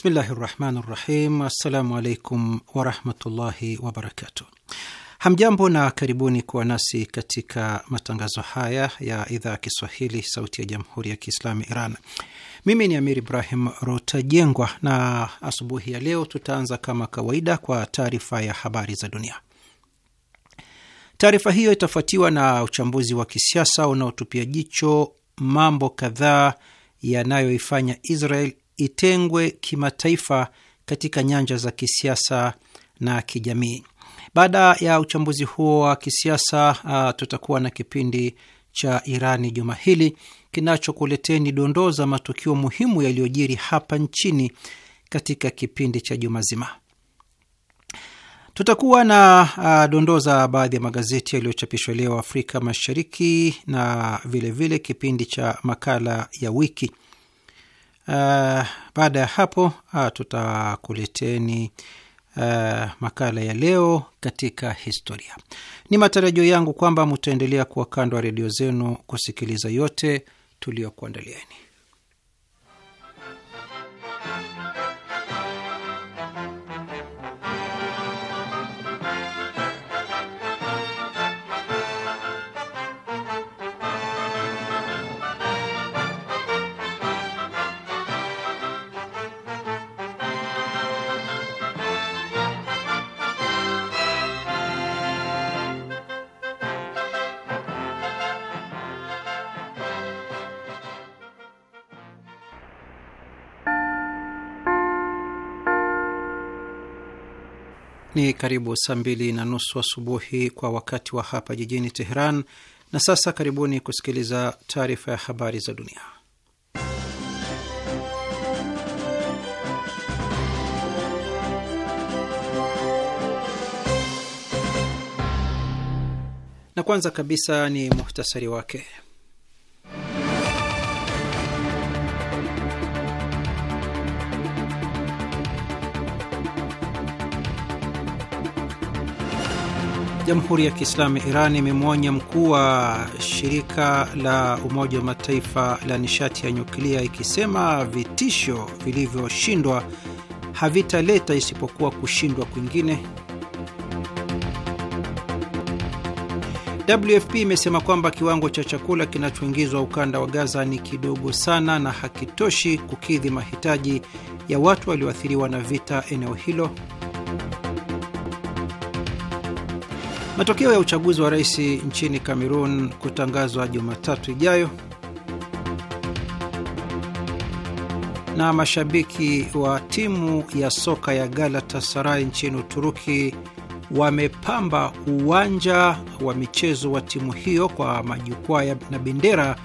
Bismillahi rahmani rahim. Assalamu alaikum warahmatullahi wabarakatuh. Hamjambo na karibuni kuwa nasi katika matangazo haya ya idhaa ya Kiswahili, Sauti ya Jamhuri ya Kiislamu Iran. Mimi ni Amir Ibrahim Rotajengwa, na asubuhi ya leo tutaanza kama kawaida kwa taarifa ya habari za dunia. Taarifa hiyo itafuatiwa na uchambuzi wa kisiasa unaotupia jicho mambo kadhaa yanayoifanya Israel itengwe kimataifa katika nyanja za kisiasa na kijamii. Baada ya uchambuzi huo wa kisiasa uh, tutakuwa na kipindi cha Irani juma hili kinachokuleteni dondoo za matukio muhimu yaliyojiri hapa nchini katika kipindi cha juma zima. Tutakuwa na uh, dondoo za baadhi ya magazeti yaliyochapishwa leo Afrika Mashariki na vilevile vile kipindi cha makala ya wiki. Uh, baada ya hapo uh, tutakuleteni uh, makala ya leo katika historia. Ni matarajio yangu kwamba mutaendelea kuwa kando wa redio zenu kusikiliza yote tuliyokuandalieni. Ni karibu saa mbili na nusu asubuhi wa kwa wakati wa hapa jijini Teheran. Na sasa karibuni kusikiliza taarifa ya habari za dunia, na kwanza kabisa ni muhtasari wake. Jamhuri ya Kiislamu Iran imemwonya mkuu wa shirika la Umoja wa Mataifa la nishati ya nyuklia ikisema vitisho vilivyoshindwa havitaleta isipokuwa kushindwa kwingine. WFP imesema kwamba kiwango cha chakula kinachoingizwa ukanda wa Gaza ni kidogo sana na hakitoshi kukidhi mahitaji ya watu walioathiriwa na vita eneo hilo. Matokeo ya uchaguzi wa rais nchini Kamerun kutangazwa Jumatatu ijayo, na mashabiki wa timu ya soka ya Galatasaray nchini Uturuki wamepamba uwanja wa michezo wa timu hiyo kwa majukwaa na bendera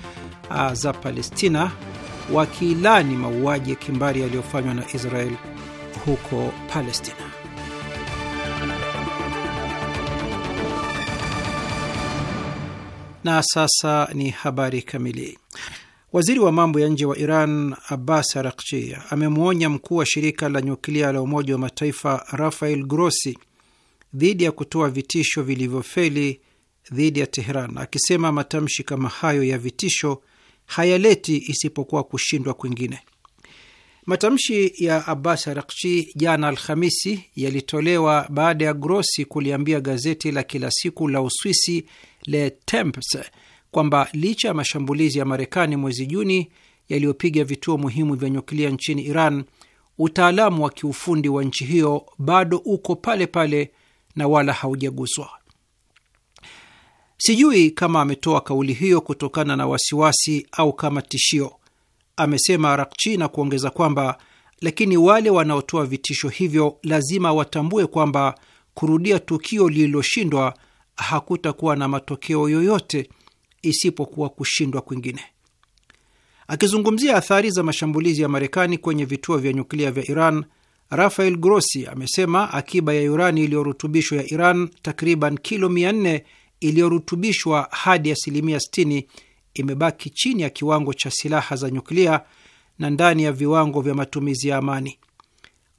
ah, za Palestina wakiilani mauaji ya kimbari yaliyofanywa na Israel huko Palestina. Na sasa ni habari kamili. Waziri wa mambo ya nje wa Iran Abbas Araghchi amemwonya mkuu wa shirika la nyuklia la Umoja wa Mataifa Rafael Grossi dhidi ya kutoa vitisho vilivyofeli dhidi ya Teheran, akisema matamshi kama hayo ya vitisho hayaleti isipokuwa kushindwa kwingine. Matamshi ya Abbas Araghchi jana Alhamisi yalitolewa baada ya Grossi kuliambia gazeti la kila siku la Uswisi Letemps kwamba licha ya mashambulizi ya Marekani mwezi Juni yaliyopiga vituo muhimu vya nyuklia nchini Iran, utaalamu wa kiufundi wa nchi hiyo bado uko pale pale na wala haujaguswa. Sijui kama ametoa kauli hiyo kutokana na wasiwasi au kama tishio, amesema Arakchi na kuongeza kwamba lakini wale wanaotoa vitisho hivyo lazima watambue kwamba kurudia tukio lililoshindwa hakutakuwa na matokeo yoyote isipokuwa kushindwa kwingine. Akizungumzia athari za mashambulizi ya Marekani kwenye vituo vya nyuklia vya Iran, Rafael Grossi amesema akiba ya urani iliyorutubishwa ya Iran, takriban kilo 400 iliyorutubishwa hadi asilimia 60, imebaki chini ya kiwango cha silaha za nyuklia na ndani ya viwango vya matumizi ya amani.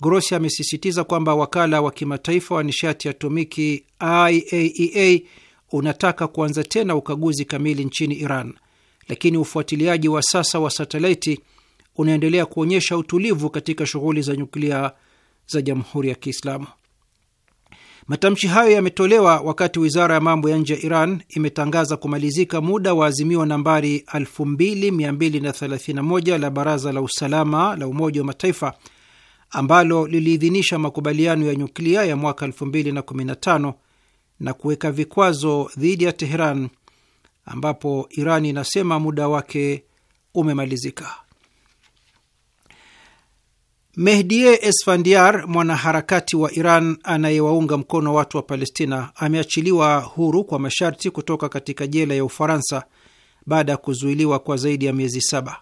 Grossi amesisitiza kwamba wakala wa kimataifa wa nishati ya atomiki IAEA e unataka kuanza tena ukaguzi kamili nchini Iran, lakini ufuatiliaji wa sasa wa satelaiti unaendelea kuonyesha utulivu katika shughuli za nyuklia za Jamhuri ya Kiislamu. Matamshi hayo yametolewa wakati wizara ya mambo ya nje ya Iran imetangaza kumalizika muda wa azimio nambari 2231 la Baraza la Usalama la Umoja wa Mataifa ambalo liliidhinisha makubaliano ya nyuklia ya mwaka 2015 na kuweka vikwazo dhidi ya Teheran, ambapo Iran inasema muda wake umemalizika. Mehdie Esfandiar, mwanaharakati wa Iran anayewaunga mkono watu wa Palestina, ameachiliwa huru kwa masharti kutoka katika jela ya Ufaransa baada ya kuzuiliwa kwa zaidi ya miezi saba.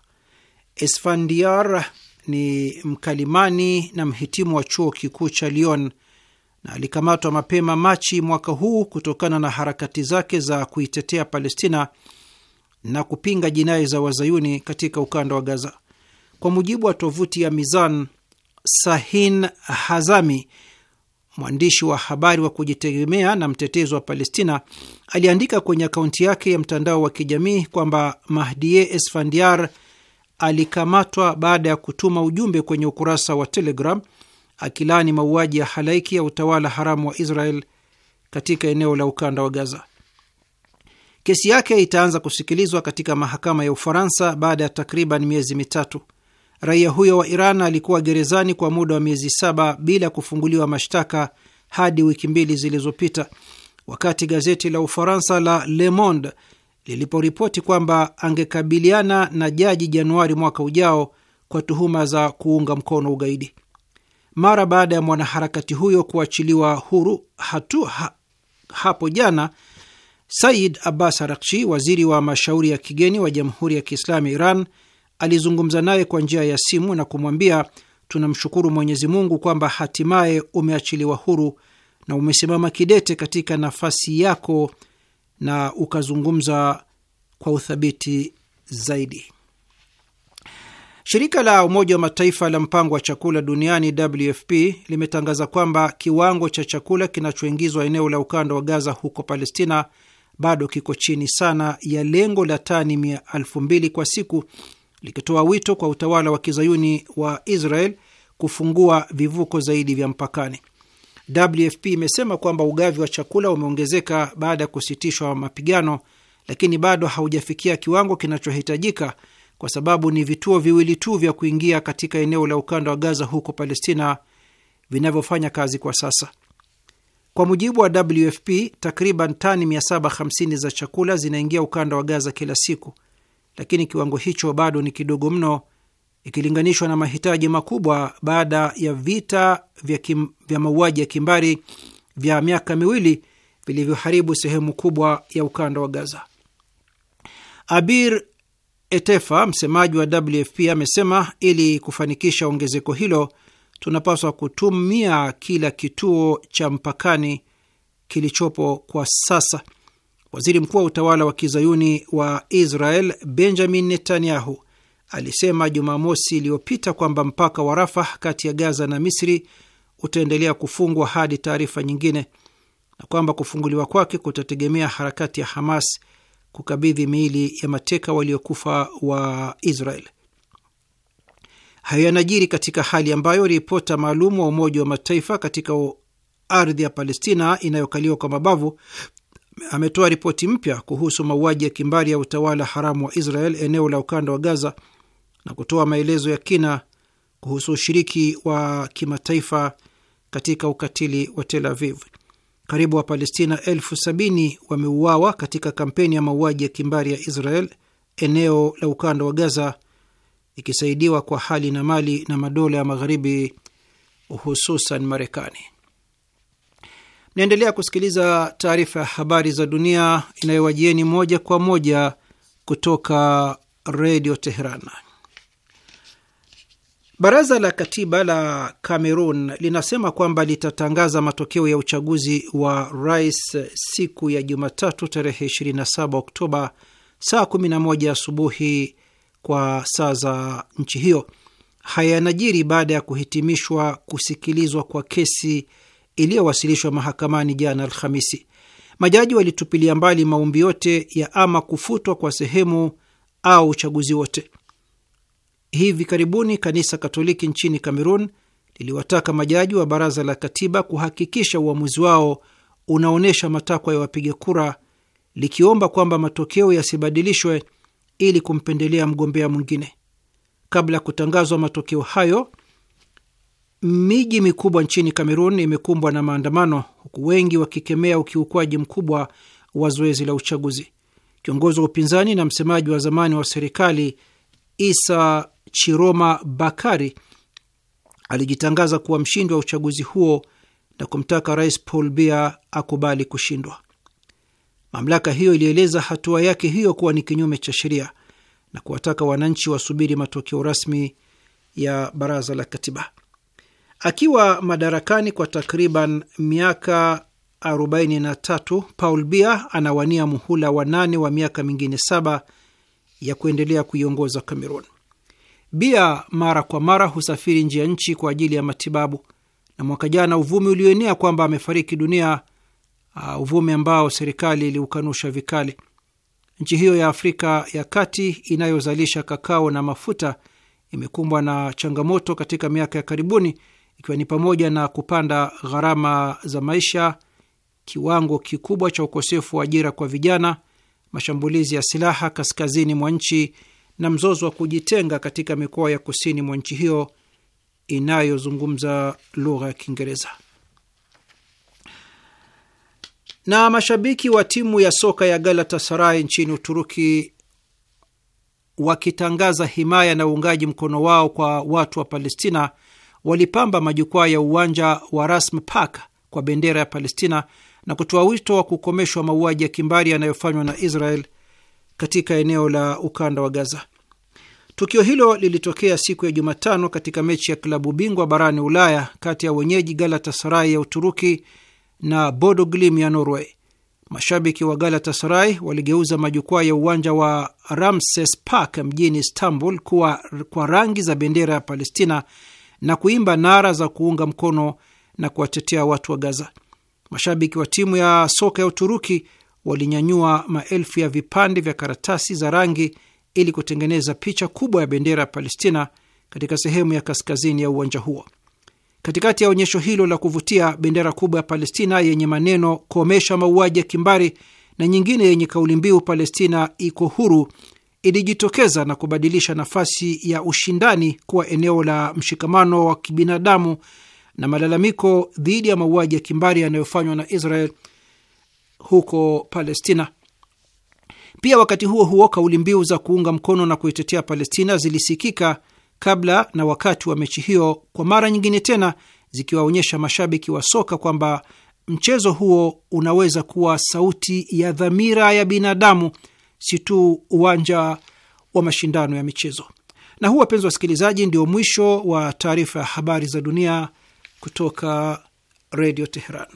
Esfandiar ni mkalimani na mhitimu wa chuo kikuu cha Lyon na alikamatwa mapema Machi mwaka huu kutokana na harakati zake za kuitetea Palestina na kupinga jinai za wazayuni katika ukanda wa Gaza. Kwa mujibu wa tovuti ya Mizan, Sahin Hazami, mwandishi wa habari wa kujitegemea na mtetezi wa Palestina, aliandika kwenye akaunti yake ya mtandao wa kijamii kwamba Mahdie Esfandiar alikamatwa baada ya kutuma ujumbe kwenye ukurasa wa Telegram akilaani mauaji ya halaiki ya utawala haramu wa Israel katika eneo la ukanda wa Gaza. Kesi yake itaanza kusikilizwa katika mahakama ya Ufaransa baada ya takriban miezi mitatu. Raia huyo wa Iran alikuwa gerezani kwa muda wa miezi saba bila kufunguliwa mashtaka hadi wiki mbili zilizopita, wakati gazeti la Ufaransa la Le Monde liliporipoti kwamba angekabiliana na jaji Januari mwaka ujao kwa tuhuma za kuunga mkono ugaidi. Mara baada ya mwanaharakati huyo kuachiliwa huru hatu, ha, hapo jana, Said Abbas arakchi waziri wa mashauri ya kigeni wa Jamhuri ya Kiislamu ya Iran, alizungumza naye kwa njia ya simu na kumwambia, tunamshukuru Mwenyezi Mungu kwamba hatimaye umeachiliwa huru na umesimama kidete katika nafasi yako na ukazungumza kwa uthabiti zaidi. Shirika la Umoja wa Mataifa la mpango wa chakula duniani WFP limetangaza kwamba kiwango cha chakula kinachoingizwa eneo la ukanda wa Gaza huko Palestina bado kiko chini sana ya lengo la tani elfu mbili kwa siku, likitoa wito kwa utawala wa kizayuni wa Israel kufungua vivuko zaidi vya mpakani. WFP imesema kwamba ugavi wa chakula umeongezeka baada ya kusitishwa mapigano, lakini bado haujafikia kiwango kinachohitajika kwa sababu ni vituo viwili tu vya kuingia katika eneo la ukanda wa Gaza huko Palestina vinavyofanya kazi kwa sasa. Kwa mujibu wa WFP, takriban tani 750 za chakula zinaingia ukanda wa Gaza kila siku, lakini kiwango hicho bado ni kidogo mno ikilinganishwa na mahitaji makubwa baada ya vita vya, kim, vya mauaji ya kimbari vya miaka miwili vilivyoharibu sehemu kubwa ya ukanda wa Gaza. Abir Etefa, msemaji wa WFP, amesema ili kufanikisha ongezeko hilo, tunapaswa kutumia kila kituo cha mpakani kilichopo kwa sasa. Waziri mkuu wa utawala wa kizayuni wa Israel Benjamin Netanyahu alisema Jumamosi iliyopita kwamba mpaka wa Rafah kati ya Gaza na Misri utaendelea kufungwa hadi taarifa nyingine, na kwamba kufunguliwa kwake kutategemea harakati ya Hamas kukabidhi miili ya mateka waliokufa wa Israel. Hayo yanajiri katika hali ambayo ripota maalum wa Umoja wa Mataifa katika ardhi ya Palestina inayokaliwa kwa mabavu ametoa ripoti mpya kuhusu mauaji ya kimbari ya utawala haramu wa Israel eneo la ukanda wa Gaza na kutoa maelezo ya kina kuhusu ushiriki wa kimataifa katika ukatili wa Tel Aviv. Karibu Wapalestina elfu sabini wameuawa katika kampeni ya mauaji ya kimbari ya Israel eneo la ukanda wa Gaza, ikisaidiwa kwa hali na mali na madola ya Magharibi, hususan Marekani. naendelea kusikiliza taarifa ya habari za dunia inayowajieni moja kwa moja kutoka Redio Teheran. Baraza la katiba la Cameroon linasema kwamba litatangaza matokeo ya uchaguzi wa rais siku ya Jumatatu tarehe 27 Oktoba saa 11 asubuhi kwa saa za nchi hiyo. Haya yanajiri baada ya kuhitimishwa kusikilizwa kwa kesi iliyowasilishwa mahakamani jana Alhamisi. Majaji walitupilia mbali maombi yote ya ama kufutwa kwa sehemu au uchaguzi wote. Hivi karibuni kanisa Katoliki nchini Kamerun liliwataka majaji wa baraza la katiba kuhakikisha uamuzi wao unaonyesha matakwa ya wapiga kura, likiomba kwamba matokeo yasibadilishwe ili kumpendelea mgombea mwingine. Kabla ya kutangazwa matokeo hayo, miji mikubwa nchini Kamerun imekumbwa na maandamano, huku wengi wakikemea ukiukwaji mkubwa wa zoezi la uchaguzi. Kiongozi wa upinzani na msemaji wa zamani wa serikali Isa Chiroma Bakari alijitangaza kuwa mshindi wa uchaguzi huo na kumtaka Rais Paul Bia akubali kushindwa. Mamlaka hiyo ilieleza hatua yake hiyo kuwa ni kinyume cha sheria na kuwataka wananchi wasubiri matokeo rasmi ya baraza la katiba. Akiwa madarakani kwa takriban miaka 43, Paul Bia anawania muhula wa nane wa miaka mingine saba ya kuendelea kuiongoza Cameroon. Bia mara kwa mara husafiri nje ya nchi kwa ajili ya matibabu, na mwaka jana uvumi ulioenea kwamba amefariki dunia, uh, uvumi ambao serikali iliukanusha vikali. Nchi hiyo ya Afrika ya kati inayozalisha kakao na mafuta imekumbwa na changamoto katika miaka ya karibuni, ikiwa ni pamoja na kupanda gharama za maisha, kiwango kikubwa cha ukosefu wa ajira kwa vijana, mashambulizi ya silaha kaskazini mwa nchi na mzozo wa kujitenga katika mikoa ya kusini mwa nchi hiyo inayozungumza lugha ya Kiingereza. Na mashabiki wa timu ya soka ya Galatasaray nchini Uturuki wakitangaza himaya na uungaji mkono wao kwa watu wa Palestina walipamba majukwaa ya uwanja wa Rasm Park kwa bendera ya Palestina na kutoa wito wa kukomeshwa mauaji ya kimbari yanayofanywa na Israel katika eneo la ukanda wa Gaza. Tukio hilo lilitokea siku ya Jumatano katika mechi ya klabu bingwa barani Ulaya kati ya wenyeji Galatasaray ya Uturuki na Bodo Glim ya Norway. Mashabiki wa Galatasaray waligeuza majukwaa ya uwanja wa Ramses Park mjini Istanbul kuwa kwa rangi za bendera ya Palestina na kuimba nara za kuunga mkono na kuwatetea watu wa Gaza. Mashabiki wa timu ya soka ya Uturuki walinyanyua maelfu ya vipande vya karatasi za rangi ili kutengeneza picha kubwa ya bendera ya Palestina katika sehemu ya kaskazini ya uwanja huo. Katikati ya onyesho hilo la kuvutia, bendera kubwa ya Palestina yenye maneno komesha mauaji ya kimbari na nyingine yenye kauli mbiu Palestina iko huru ilijitokeza na kubadilisha nafasi ya ushindani kuwa eneo la mshikamano wa kibinadamu na malalamiko dhidi ya mauaji ya kimbari yanayofanywa na Israel huko Palestina. Pia wakati huo huo, kauli mbiu za kuunga mkono na kuitetea Palestina zilisikika kabla na wakati wa mechi hiyo, kwa mara nyingine tena zikiwaonyesha mashabiki wa soka kwamba mchezo huo unaweza kuwa sauti ya dhamira ya binadamu, si tu uwanja wa mashindano ya michezo. Na huu, wapenzi wasikilizaji, ndio mwisho wa taarifa ya habari za dunia kutoka Redio Teheran.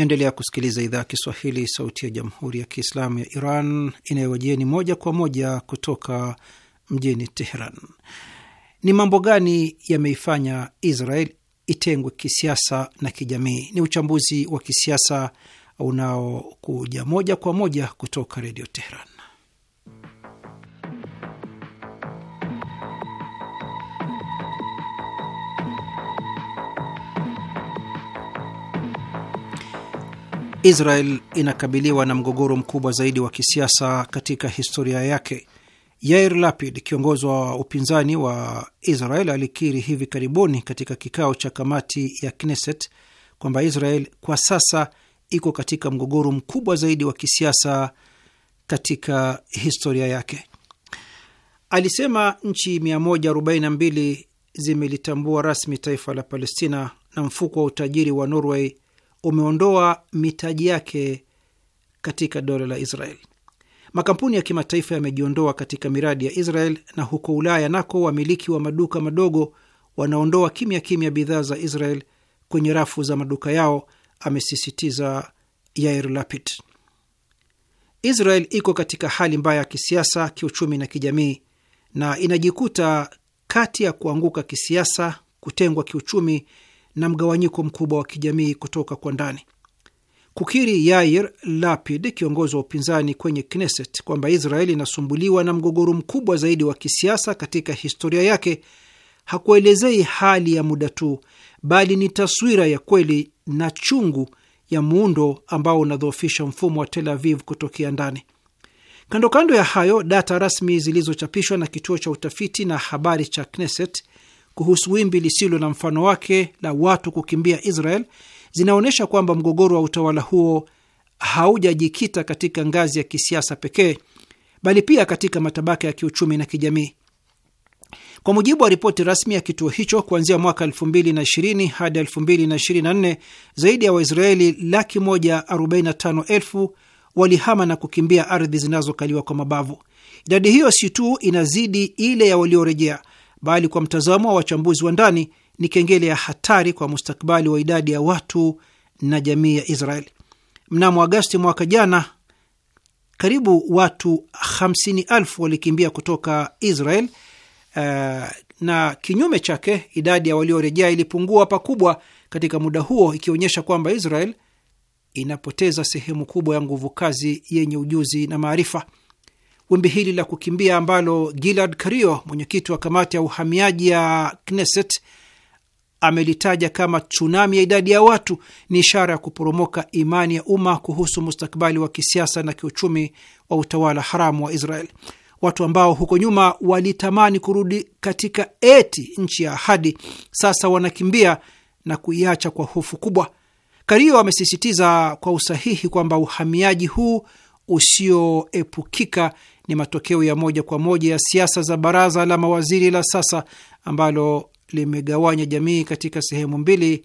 Naendelea kusikiliza idhaa ya Kiswahili, sauti ya jamhuri ya kiislamu ya Iran inayowajieni moja kwa moja kutoka mjini Teheran. Ni mambo gani yameifanya Israel itengwe kisiasa na kijamii? Ni uchambuzi wa kisiasa unaokuja moja kwa moja kutoka Redio Teheran. Israel inakabiliwa na mgogoro mkubwa zaidi wa kisiasa katika historia yake. Yair Lapid, kiongozi wa upinzani wa Israel, alikiri hivi karibuni katika kikao cha kamati ya Knesset kwamba Israel kwa sasa iko katika mgogoro mkubwa zaidi wa kisiasa katika historia yake. Alisema nchi 142 zimelitambua rasmi taifa la Palestina na mfuko wa utajiri wa Norway umeondoa mitaji yake katika dola la Israel. Makampuni ya kimataifa yamejiondoa katika miradi ya Israel, na huko Ulaya nako wamiliki wa maduka madogo wanaondoa kimya kimya bidhaa za Israel kwenye rafu za maduka yao, amesisitiza Yair Lapid. Israel iko katika hali mbaya ya kisiasa, kiuchumi na kijamii, na inajikuta kati ya kuanguka kisiasa, kutengwa kiuchumi na mgawanyiko mkubwa wa kijamii kutoka kwa ndani. Kukiri Yair Lapid, kiongozi wa upinzani kwenye Knesset, kwamba Israeli inasumbuliwa na mgogoro mkubwa zaidi wa kisiasa katika historia yake hakuelezei hali ya muda tu, bali ni taswira ya kweli na chungu ya muundo ambao unadhoofisha mfumo wa Tel Aviv kutokea ndani. Kando kando ya hayo, data rasmi zilizochapishwa na kituo cha utafiti na habari cha Knesset kuhusu wimbi lisilo na mfano wake la watu kukimbia Israel zinaonyesha kwamba mgogoro wa utawala huo haujajikita katika ngazi ya kisiasa pekee, bali pia katika matabaka ya kiuchumi na kijamii. Kwa mujibu wa ripoti rasmi ya kituo hicho, kuanzia mwaka 2020 hadi 2024 zaidi ya Waisraeli laki moja walihama na kukimbia ardhi zinazokaliwa kwa mabavu. Idadi hiyo si tu inazidi ile ya waliorejea, bali kwa mtazamo wa wachambuzi wa ndani ni kengele ya hatari kwa mustakabali wa idadi ya watu na jamii ya israel Mnamo Agasti mwaka jana, karibu watu hamsini walikimbia kutoka Israel uh, na kinyume chake idadi ya waliorejea ilipungua pakubwa katika muda huo, ikionyesha kwamba Israel inapoteza sehemu kubwa ya nguvu kazi yenye ujuzi na maarifa wimbi hili la kukimbia ambalo Gilad cario mwenyekiti wa kamati ya uhamiaji ya Knesset, amelitaja kama tsunami ya idadi ya watu ni ishara ya kuporomoka imani ya umma kuhusu mustakabali wa kisiasa na kiuchumi wa utawala haramu wa Israel. Watu ambao huko nyuma walitamani kurudi katika eti nchi ya ahadi, sasa wanakimbia na kuiacha kwa hofu kubwa. Kario amesisitiza kwa usahihi kwamba uhamiaji huu usioepukika ni matokeo ya moja kwa moja ya siasa za baraza la mawaziri la sasa ambalo limegawanya jamii katika sehemu mbili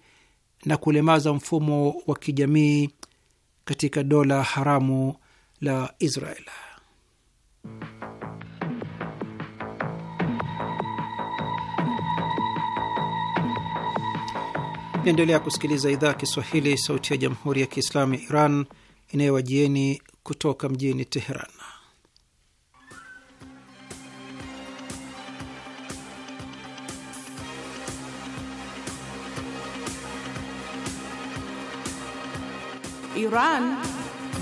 na kulemaza mfumo wa kijamii katika dola haramu la Israel. Naendelea kusikiliza idhaa ya Kiswahili, sauti ya jamhuri ya kiislamu ya Iran inayowajieni kutoka mjini Teheran. Iran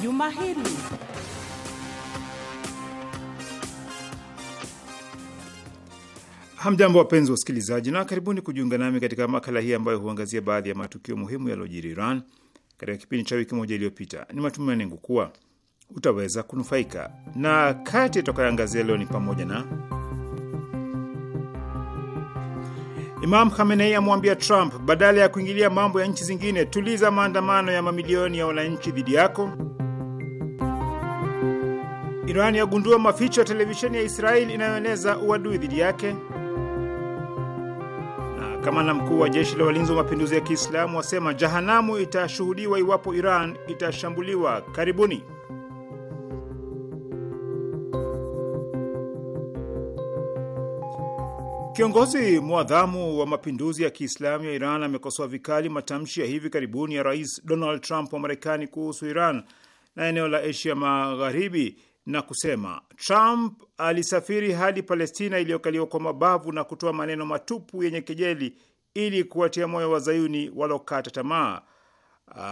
Juma Hili. Hamjambo, wapenzi wa usikilizaji, na karibuni kujiunga nami katika makala hii ambayo huangazia baadhi ya matukio muhimu yaliyojiri Iran katika kipindi cha wiki moja iliyopita. Ni matumaini yangu kuwa utaweza kunufaika. Na kati yatakayoangazia leo ni pamoja na Imam Khamenei amwambia Trump, badala ya kuingilia mambo ya nchi zingine, tuliza maandamano ya mamilioni ya wananchi dhidi yako. Iran yagundua maficho ya televisheni ya Israel inayoeneza uadui dhidi yake. Na kamanda mkuu wa jeshi la walinzi wa mapinduzi ya Kiislamu wasema jahanamu itashuhudiwa iwapo Iran itashambuliwa. Karibuni. Kiongozi mwadhamu wa mapinduzi ya Kiislamu ya Iran amekosoa vikali matamshi ya hivi karibuni ya Rais Donald Trump wa Marekani kuhusu Iran na eneo la Asia Magharibi na kusema Trump alisafiri hadi Palestina iliyokaliwa kwa mabavu na kutoa maneno matupu yenye kejeli ili kuwatia moyo wazayuni walokata tamaa.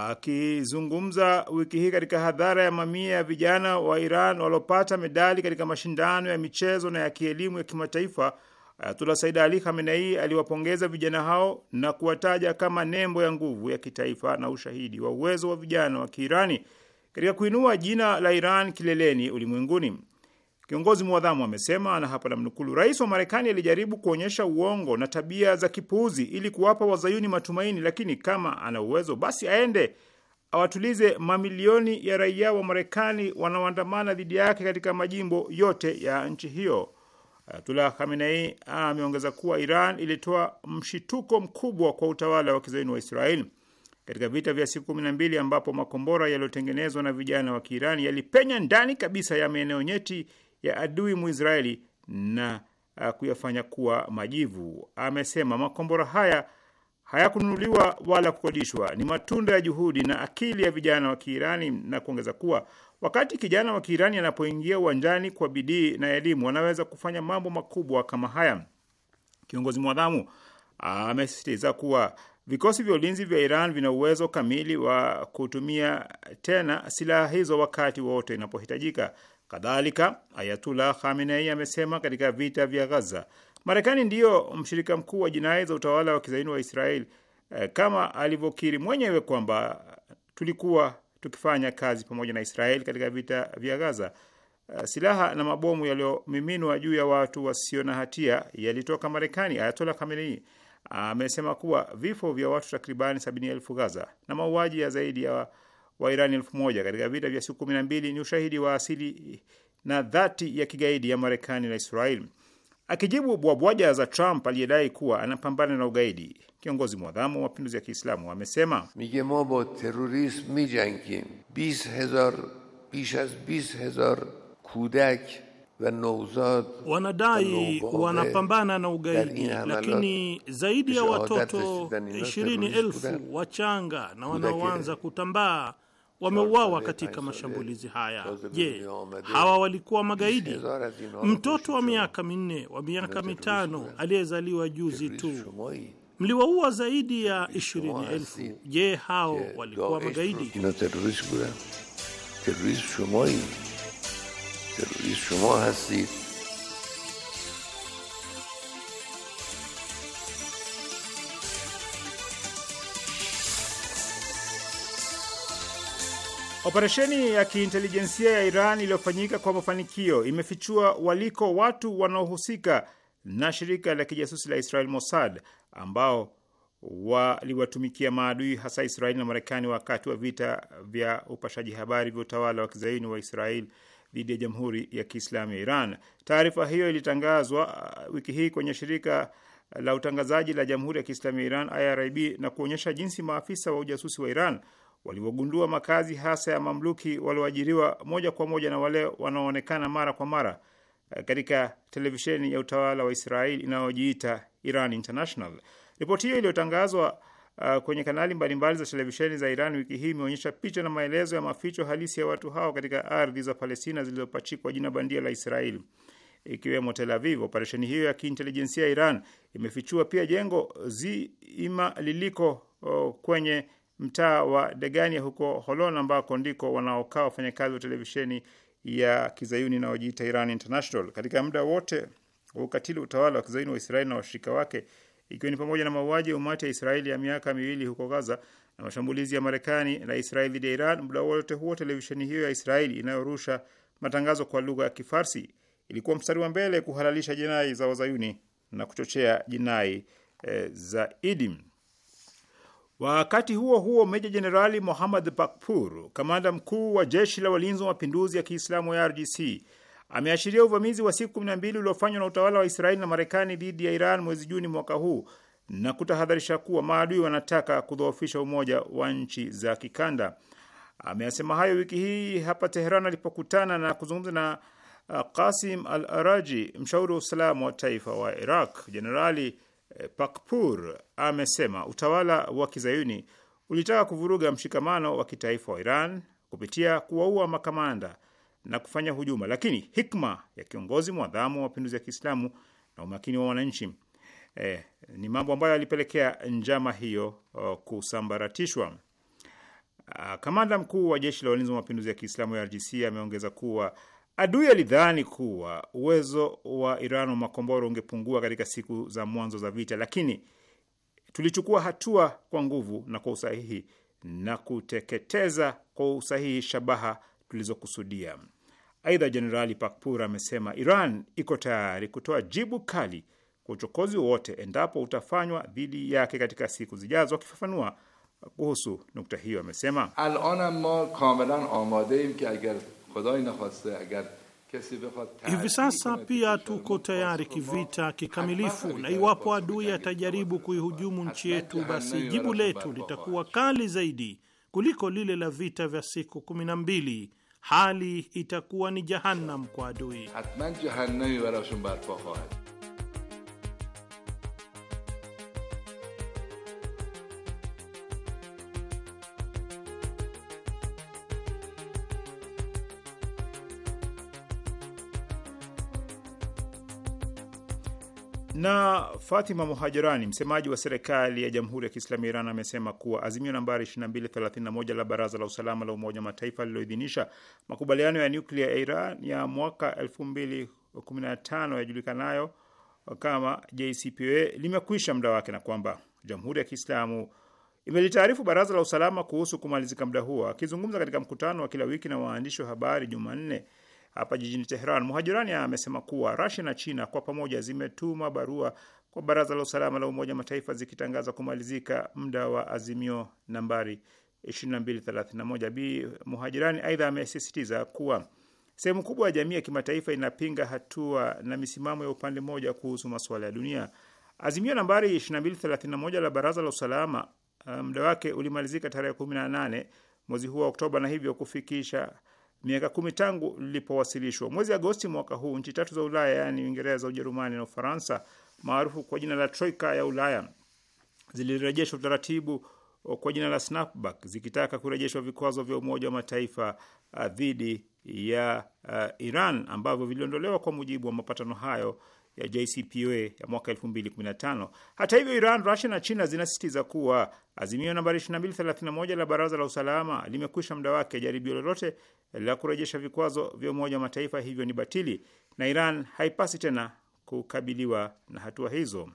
Akizungumza wiki hii katika hadhara ya mamia ya vijana wa Iran walopata medali katika mashindano ya michezo na ya kielimu ya kimataifa Ayatullah Said Ali Khamenei aliwapongeza vijana hao na kuwataja kama nembo ya nguvu ya kitaifa na ushahidi wa uwezo wa vijana wa Kiirani katika kuinua jina la Iran kileleni ulimwenguni. Kiongozi mwadhamu amesema, na hapa namnukulu, rais wa Marekani alijaribu kuonyesha uongo na tabia za kipuuzi ili kuwapa wazayuni matumaini, lakini kama ana uwezo basi aende awatulize mamilioni ya raia wa Marekani wanaoandamana dhidi yake katika majimbo yote ya nchi hiyo. Ayatullah Khamenei ah, ameongeza kuwa Iran ilitoa mshituko mkubwa kwa utawala wa kizayuni wa Israeli katika vita vya siku kumi na mbili ambapo makombora yaliyotengenezwa na vijana wa Kiirani yalipenya ndani kabisa ya maeneo nyeti ya adui Muisraeli na ah, kuyafanya kuwa majivu. Amesema makombora haya hayakununuliwa wala kukodishwa, ni matunda ya juhudi na akili ya vijana wa Kiirani na kuongeza kuwa Wakati kijana wa Kiirani anapoingia uwanjani kwa bidii na elimu, anaweza kufanya mambo makubwa kama haya. Kiongozi mwadhamu amesisitiza kuwa vikosi vya ulinzi vya Iran vina uwezo kamili wa kutumia tena silaha hizo wakati wote inapohitajika. Kadhalika, Ayatullah Khamenei amesema katika vita vya Ghaza, Marekani ndiyo mshirika mkuu wa jinai za utawala wa kizaini wa israel eh, kama alivyokiri mwenyewe kwamba tulikuwa tukifanya kazi pamoja na Israeli katika vita vya Gaza. Uh, silaha na mabomu yaliyomiminwa juu ya watu wasio na hatia yalitoka Marekani. Ayatola Khamenei amesema kuwa vifo vya watu takribani sabini elfu Gaza na mauaji ya zaidi ya Wairani elfu moja katika vita vya siku kumi na mbili ni ushahidi wa asili na dhati ya kigaidi ya Marekani na Israeli. Akijibu bwabwaja za Trump aliyedai kuwa anapambana na ugaidi, kiongozi mwadhamu wa mapinduzi ya Kiislamu amesema mige mo bo terorism mijangim bis hezar bish az bis hezar kudak wanadai wanapambana na ugaidi, lakini zaidi ya watoto elfu wachanga na wanaoanza kutambaa wameuawa katika mashambulizi haya. Je, hawa walikuwa magaidi? Mtoto wa miaka minne, wa miaka mitano aliyezaliwa juzi tu mliwaua zaidi ya ishirini elfu. Je, hao walikuwa magaidi? Operesheni ya kiintelijensia ya Iran iliyofanyika kwa mafanikio imefichua waliko watu wanaohusika na shirika la kijasusi la Israel Mossad, ambao waliwatumikia maadui hasa Israeli na Marekani wakati wa vita vya upashaji habari vya utawala wa kizaini wa Israeli dhidi ya Jamhuri ya Kiislamu ya Iran. Taarifa hiyo ilitangazwa uh, wiki hii kwenye shirika la utangazaji la Jamhuri ya Kiislamu ya Iran IRIB na kuonyesha jinsi maafisa wa ujasusi wa Iran waliogundua makazi hasa ya mamluki walioajiriwa moja kwa moja na wale wanaoonekana mara kwa mara eh, katika televisheni ya utawala wa Israeli inayojiita Iran International. Ripoti hiyo iliyotangazwa uh, kwenye kanali mbalimbali mbali za televisheni za Iran wiki hii imeonyesha picha na maelezo ya maficho halisi ya watu hao katika ardhi za Palestina zilizopachikwa jina bandia la Israeli ikiwemo Tel Aviv. Operesheni hiyo ya kiintelijensia ya Iran imefichua pia jengo zima liliko uh, kwenye mtaa wa Degania huko Holon, ambako ndiko wanaokaa wafanyakazi wa televisheni ya kizayuni inayojiita Iran International. Katika muda wote wa ukatili utawala wa kizayuni wa Israeli na washirika wake, ikiwa ni pamoja na mauaji ya umati ya Israeli ya miaka miwili huko Gaza na mashambulizi ya Marekani na Israeli dhidi ya Iran, muda wote huo televisheni hiyo ya Israeli inayorusha matangazo kwa lugha ya Kifarsi ilikuwa mstari wa mbele kuhalalisha jinai za wazayuni na kuchochea jinai e, eh, zaidi. Wakati huo huo, meja jenerali Mohammad bakpur kamanda mkuu wa jeshi la walinzi wa mapinduzi ya Kiislamu ya RGC, ameashiria uvamizi wa siku 12 uliofanywa na utawala wa Israeli na Marekani dhidi ya Iran mwezi Juni mwaka huu na kutahadharisha kuwa maadui wanataka kudhoofisha umoja wa nchi za kikanda. Ameyasema hayo wiki hii hapa Teheran alipokutana na kuzungumza na uh, Qasim Al Araji, mshauri wa usalama wa taifa wa Iraq. Jenerali Eh, Pakpur amesema utawala wa kizayuni ulitaka kuvuruga mshikamano wa kitaifa wa Iran kupitia kuwaua makamanda na kufanya hujuma, lakini hikma ya kiongozi mwadhamu wa mapinduzi ya Kiislamu na umakini wa wananchi eh, ni mambo ambayo yalipelekea njama hiyo oh, kusambaratishwa. Ah, kamanda mkuu wa jeshi la walinzi wa mapinduzi ya Kiislamu ya RGC ameongeza kuwa Adui alidhani kuwa uwezo wa Iran wa makombora ungepungua katika siku za mwanzo za vita, lakini tulichukua hatua kwa nguvu na kwa usahihi na kuteketeza kwa usahihi shabaha tulizokusudia. Aidha, Jenerali Pakpura amesema Iran iko tayari kutoa jibu kali kwa uchokozi wowote endapo utafanywa dhidi yake katika siku zijazo. Akifafanua kuhusu nukta hiyo, amesema Hivi sasa pia tuko tayari kivita kikamilifu, na iwapo adui atajaribu kuihujumu nchi yetu, basi jibu letu litakuwa kali zaidi kuliko lile la vita vya siku kumi na mbili. Hali itakuwa ni jahannam kwa adui. Na Fatima Muhajirani, msemaji wa serikali ya Jamhuri ya Kiislamu ya Iran, amesema kuwa azimio nambari 2231 la Baraza la Usalama la Umoja wa Mataifa lililoidhinisha makubaliano ya nyuklia ya Iran ya mwaka 2015 yajulikanayo kama JCPOA limekwisha muda wake na kwamba Jamhuri ya Kiislamu imelitaarifu Baraza la Usalama kuhusu kumalizika muda huo. Akizungumza katika mkutano wa kila wiki na waandishi wa habari Jumanne, hapa jijini Teheran. Muhajirani amesema kuwa Rasia na China kwa pamoja zimetuma barua kwa Baraza la Usalama la Umoja Mataifa zikitangaza kumalizika muda wa azimio nambari 2231. Bi Muhajirani aidha amesisitiza kuwa sehemu kubwa ya jamii ya kimataifa inapinga hatua na misimamo ya upande mmoja kuhusu masuala ya dunia. Azimio nambari 2231 la Baraza la Usalama eh, muda um, wake ulimalizika tarehe 18 mwezi huu wa Oktoba na hivyo kufikisha miaka kumi tangu lilipowasilishwa. Mwezi Agosti mwaka huu nchi tatu za Ulaya yaani Uingereza, Ujerumani na Ufaransa maarufu kwa jina la Troika ya Ulaya zilirejesha utaratibu kwa jina la snapback zikitaka kurejeshwa vikwazo vya Umoja wa Mataifa uh, dhidi ya uh, Iran ambavyo viliondolewa kwa mujibu wa mapatano hayo ya JCPOA ya mwaka 2015. Hata hivyo, Iran, Russia na China zinasisitiza kuwa azimio nambari 2231 la Baraza la Usalama limekwisha muda wake. Jaribio lolote la kurejesha vikwazo vya Umoja wa Mataifa hivyo ni batili na Iran haipasi tena kukabiliwa na hatua hizo.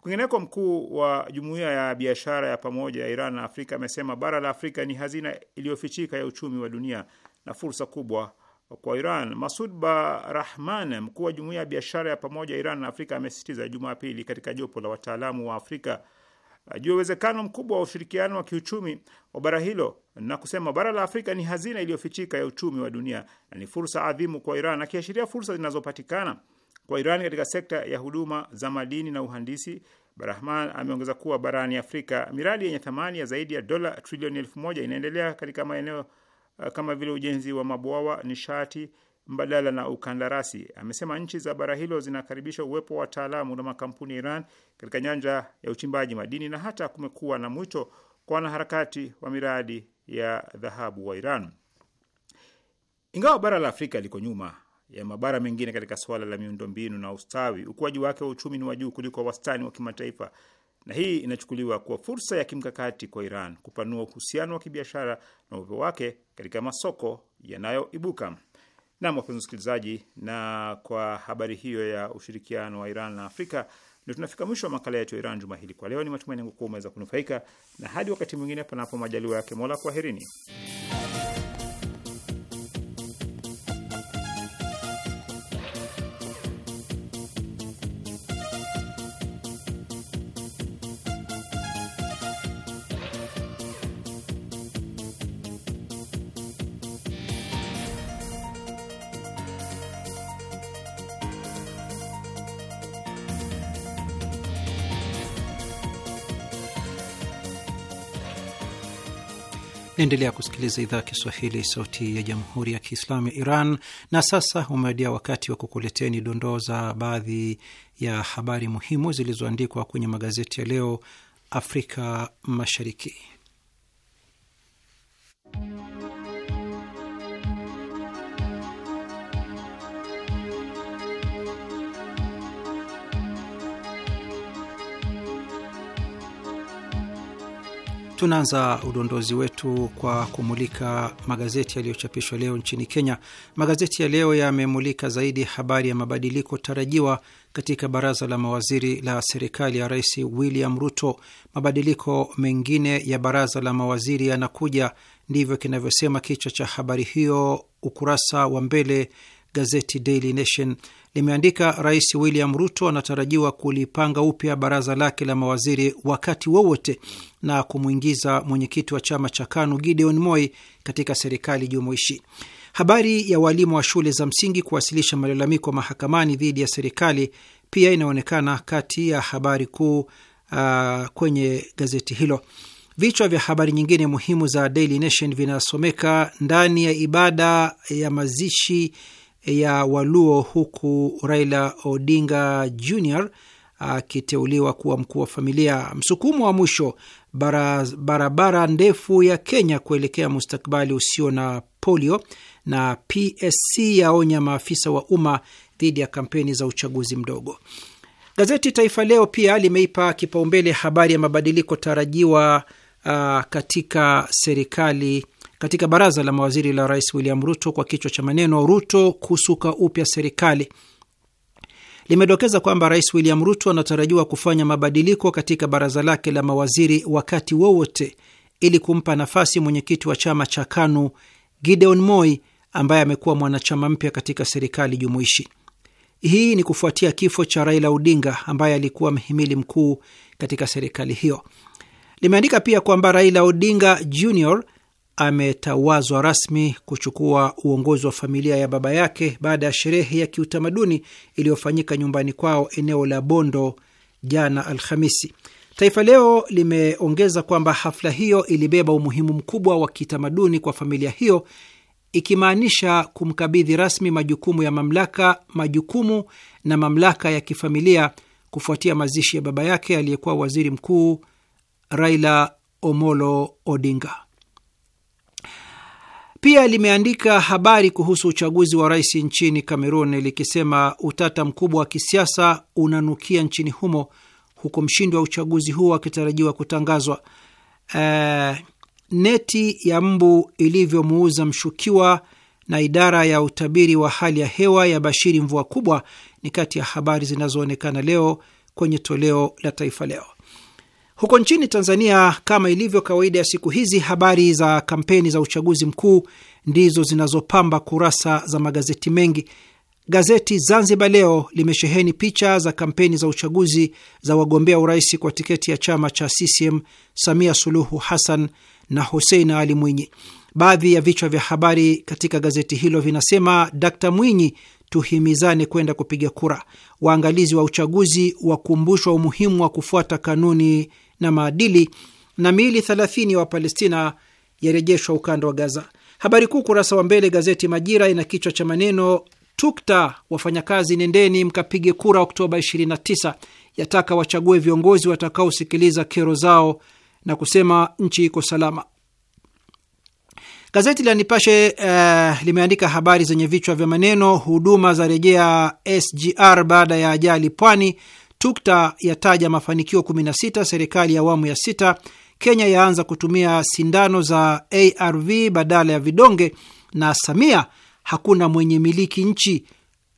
Kwingineko, mkuu wa Jumuiya ya Biashara ya Pamoja ya Iran na Afrika amesema bara la Afrika ni hazina iliyofichika ya uchumi wa dunia na fursa kubwa kwa Iran. Masud Barahman, mkuu wa Jumuiya ya Biashara ya Pamoja ya Iran na Afrika, amesisitiza Jumapili katika jopo la wataalamu wa Afrika juu ya uwezekano mkubwa wa ushirikiano wa kiuchumi wa bara hilo na kusema bara la Afrika ni hazina iliyofichika ya uchumi wa dunia na ni fursa adhimu kwa Iran, akiashiria fursa zinazopatikana kwa Iran katika sekta ya huduma za madini na uhandisi. Barahman ameongeza kuwa barani Afrika miradi yenye thamani ya zaidi ya dola trilioni elfu moja inaendelea katika maeneo uh, kama vile ujenzi wa mabwawa, nishati mbadala na ukandarasi. Amesema nchi za bara hilo zinakaribisha uwepo wa wataalamu na makampuni ya Iran katika nyanja ya uchimbaji madini, na hata kumekuwa na mwito kwa wanaharakati wa miradi ya dhahabu wa Iran. Ingawa bara la Afrika liko nyuma ya mabara mengine katika suala la miundombinu na ustawi, ukuaji wake wa uchumi ni wa juu kuliko wastani wa kimataifa, na hii inachukuliwa kuwa fursa ya kimkakati kwa Iran kupanua uhusiano wa kibiashara na uwepo wake katika masoko yanayoibuka. Nam, wapenzi na kwa habari hiyo ya ushirikiano wa Iran na Afrika ndio tunafika mwisho wa makala yetu ya Iran juma hili. Kwa leo, ni matumaini yangu kuwa umeweza kunufaika, na hadi wakati mwingine, panapo majaliwa yake Mola, kwaherini. Naendelea kusikiliza idhaa ya Kiswahili, sauti ya jamhuri ya kiislamu ya Iran. Na sasa umewadia wakati wa kukuleteni dondoo za baadhi ya habari muhimu zilizoandikwa kwenye magazeti ya leo Afrika Mashariki. Tunaanza udondozi wetu kwa kumulika magazeti yaliyochapishwa leo nchini Kenya. Magazeti ya leo yamemulika zaidi habari ya mabadiliko tarajiwa katika baraza la mawaziri la serikali ya Rais William Ruto. Mabadiliko mengine ya baraza la mawaziri yanakuja, ndivyo kinavyosema kichwa cha habari hiyo, ukurasa wa mbele gazeti Daily Nation limeandika, Rais William Ruto anatarajiwa kulipanga upya baraza lake la mawaziri wakati wowote na kumwingiza mwenyekiti wa chama cha KANU Gideon Moi katika serikali jumuishi. Habari ya walimu wa shule za msingi kuwasilisha malalamiko mahakamani dhidi ya serikali pia inaonekana kati ya habari kuu uh, kwenye gazeti hilo. Vichwa vya habari nyingine muhimu za Daily Nation vinasomeka ndani ya ibada ya mazishi ya Waluo, huku Raila Odinga Jr akiteuliwa kuwa mkuu wa familia. Msukumo wa mwisho, barabara bara ndefu ya Kenya kuelekea mustakabali usio na polio, na PSC yaonya maafisa wa umma dhidi ya kampeni za uchaguzi mdogo. Gazeti Taifa Leo pia limeipa kipaumbele habari ya mabadiliko tarajiwa uh, katika serikali katika baraza la mawaziri la Rais William Ruto kwa kichwa cha maneno Ruto kusuka upya serikali limedokeza kwamba Rais William Ruto anatarajiwa kufanya mabadiliko katika baraza lake la mawaziri wakati wowote ili kumpa nafasi mwenyekiti wa chama cha KANU Gideon Moi ambaye amekuwa mwanachama mpya katika serikali jumuishi. Hii ni kufuatia kifo cha Raila Odinga ambaye alikuwa mhimili mkuu katika serikali hiyo. Limeandika pia kwamba Raila Odinga Jr ametawazwa rasmi kuchukua uongozi wa familia ya baba yake baada ya sherehe ya kiutamaduni iliyofanyika nyumbani kwao eneo la Bondo jana Alhamisi. Taifa Leo limeongeza kwamba hafla hiyo ilibeba umuhimu mkubwa wa kitamaduni kwa familia hiyo, ikimaanisha kumkabidhi rasmi majukumu ya mamlaka, majukumu na mamlaka ya kifamilia kufuatia mazishi ya baba yake aliyekuwa waziri mkuu Raila Omolo Odinga. Pia limeandika habari kuhusu uchaguzi wa rais nchini Kamerun likisema utata mkubwa wa kisiasa unanukia nchini humo huku mshindi wa uchaguzi huo akitarajiwa kutangazwa. Uh, neti ya mbu ilivyomuuza mshukiwa na idara ya utabiri wa hali ya hewa ya bashiri mvua kubwa ni kati ya habari zinazoonekana leo kwenye toleo la Taifa Leo. Huko nchini Tanzania, kama ilivyo kawaida ya siku hizi, habari za kampeni za uchaguzi mkuu ndizo zinazopamba kurasa za magazeti mengi. Gazeti Zanzibar Leo limesheheni picha za kampeni za uchaguzi za wagombea urais kwa tiketi ya chama cha CCM, Samia Suluhu Hassan na Hussein Ali Mwinyi. Baadhi ya vichwa vya habari katika gazeti hilo vinasema: Dkt Mwinyi, tuhimizane kwenda kupiga kura. Waangalizi wa uchaguzi wakumbushwa umuhimu wa kufuata kanuni na maadili na miili 30 ya Wapalestina yarejeshwa ukanda wa Gaza. Habari kuu kurasa wa mbele gazeti Majira ina kichwa cha maneno tukta wafanyakazi, nendeni mkapige kura Oktoba 29, yataka wachague viongozi watakaosikiliza kero zao na kusema nchi iko salama. Gazeti la Nipashe uh, limeandika habari zenye vichwa vya maneno huduma za rejea SGR baada ya ajali Pwani, Tukta yataja mafanikio 16 serikali ya awamu ya sita. Kenya yaanza kutumia sindano za ARV badala ya vidonge, na Samia hakuna mwenye miliki nchi.